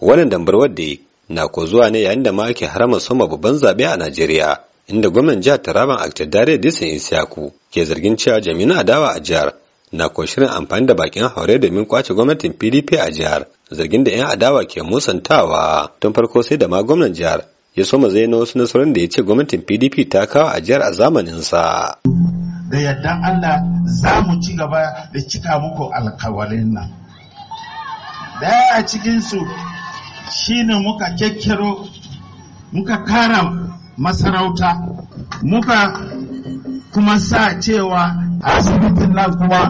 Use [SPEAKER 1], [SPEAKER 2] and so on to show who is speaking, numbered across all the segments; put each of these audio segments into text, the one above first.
[SPEAKER 1] wannan dambarwar wadda na ko zuwa ne yayin da ma ake harama soma babban zaɓe a Najeriya inda gwamnan jihar Taraban Aktadare disin Isiyaku ke zargin cewa jami'in adawa a jihar na ko shirin amfani da bakin haure domin kwace gwamnatin PDP a jihar zargin da 'yan adawa ke musantawa tun farko sai da ma gwamnan jihar ya soma zai na wasu nasarorin da ya ce gwamnatin PDP ta kawo a jihar a zamanin sa.
[SPEAKER 2] Da yadda Allah za mu ci gaba da cika muku alkawalin nan. Daya a cikinsu ne muka kekkero muka kara masarauta muka kuma sa cewa asibitin nan kuma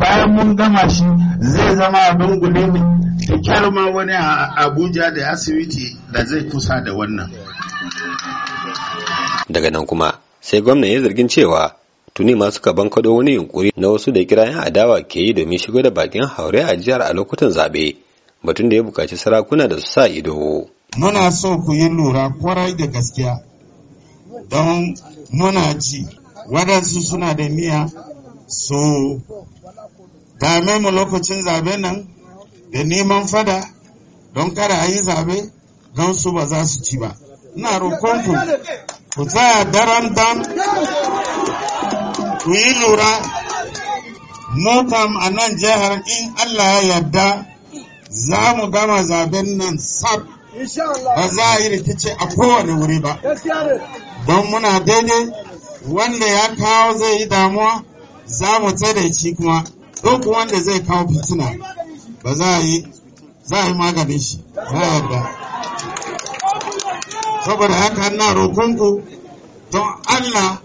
[SPEAKER 2] bayan mun gama shi zai zama abin gule ne da ma wani a abuja da asibiti da zai kusa da wannan
[SPEAKER 1] daga nan kuma sai gwamna ya zargin cewa tuni ma suka bankado wani yunkuri na wasu da kira yan adawa ke yi domin shigo da bakin haure a jihar a lokutan zaɓe batun da ya bukaci sarakuna da su sa ido.
[SPEAKER 2] Muna so ku yi lura kwarai da gaskiya don muna ji waɗansu suna da miya so dame mu lokacin zabe nan da neman fada don kada a yi zabe don su ba za su ci ba. Ina roƙonku ku tsaya daren dam ku yi lura mu a nan jihar in Allah ya yarda za mu gama zaben nan sab ba za a yi rikici a kowane wuri ba don muna daidai wanda ya kawo zai yi damuwa za mu tsada shi kuma duk wanda zai kawo fitina ba za a yi za a yi maganin shi na yarda saboda haka na roƙonku don allah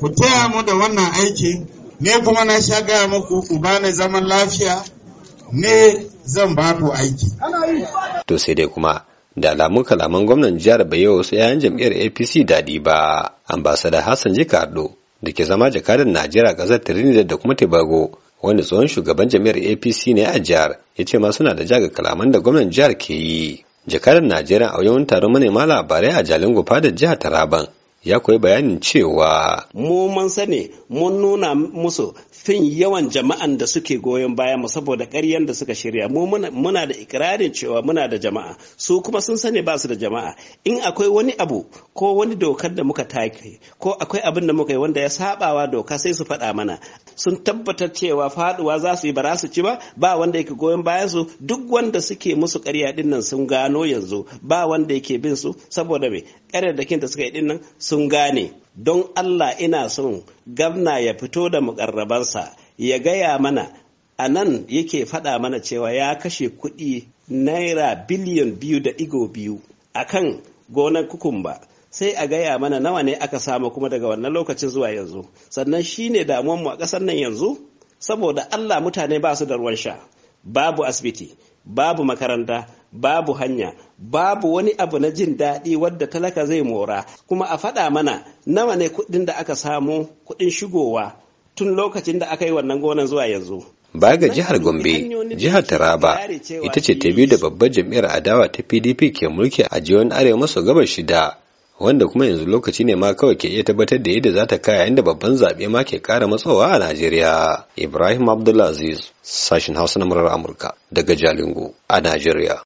[SPEAKER 2] ku taya mu da wannan aiki ne kuma na sha gaya muku ku bani zaman lafiya ne zan ba ku aiki. To
[SPEAKER 1] sai dai kuma da alamun kalaman gwamnan jihar bai yau wasu 'ya'yan jam'iyyar APC daɗi ba. Ambasada Hassan Jikardo da ke zama jakadan Najeriya ƙasar Trinidad da kuma Tobago Wani tsohon shugaban jam'iyyar APC ne a jihar ya ce ma suna da jaga kalaman da gwamnan jihar ke yi. Jakadan Najeriya a yawan taron manema labarai a Jalingo fadar jihar Taraban ya koyi bayanin cewa
[SPEAKER 3] mu mun sani mun nuna musu fin yawan jama'an da suke goyon baya mu saboda ƙaryan da suka shirya mu muna da ikirarin cewa muna da jama'a su kuma sun sani ba su da jama'a in akwai wani abu ko wani dokar da muka take ko akwai abin da muka yi wanda ya sabawa doka sai su faɗa mana sun tabbatar cewa faduwa za su yi ba su ci ba ba wanda yake goyon bayan su duk wanda suke musu ƙarya dinnan sun gano yanzu ba wanda yake bin su saboda me ƙaryar da kinta suka yi dinnan sun gane don Allah ina son gamna ya fito da mukarrabansa ya gaya mana a nan yake faɗa mana cewa ya kashe kuɗi naira biliyan biyu da igo biyu a kan gonar kukumba sai a gaya mana nawa ne aka samu kuma daga wannan lokacin zuwa yanzu sannan shi ne mu a ƙasar nan yanzu saboda allah mutane ba su da ruwan sha babu asibiti babu makaranta babu hanya babu wani abu na jin daɗi wadda talaka zai mora kuma a faɗa mana nawa ne kuɗin da aka samu kuɗin shigowa tun lokacin da aka yi wannan gonan zuwa yanzu
[SPEAKER 1] baya ga jihar gombe jihar taraba ita ce ta biyu da babbar jam'iyyar adawa ta pdp ke mulki a jihohin arewa maso gabas shida wanda kuma yanzu lokaci ne ma kawai ke iya tabbatar da yadda za ta kaya inda babban zaɓe ma ke ƙara matsowa a najeriya ibrahim abdulaziz sashen hausa na murar amurka daga jalingo a najeriya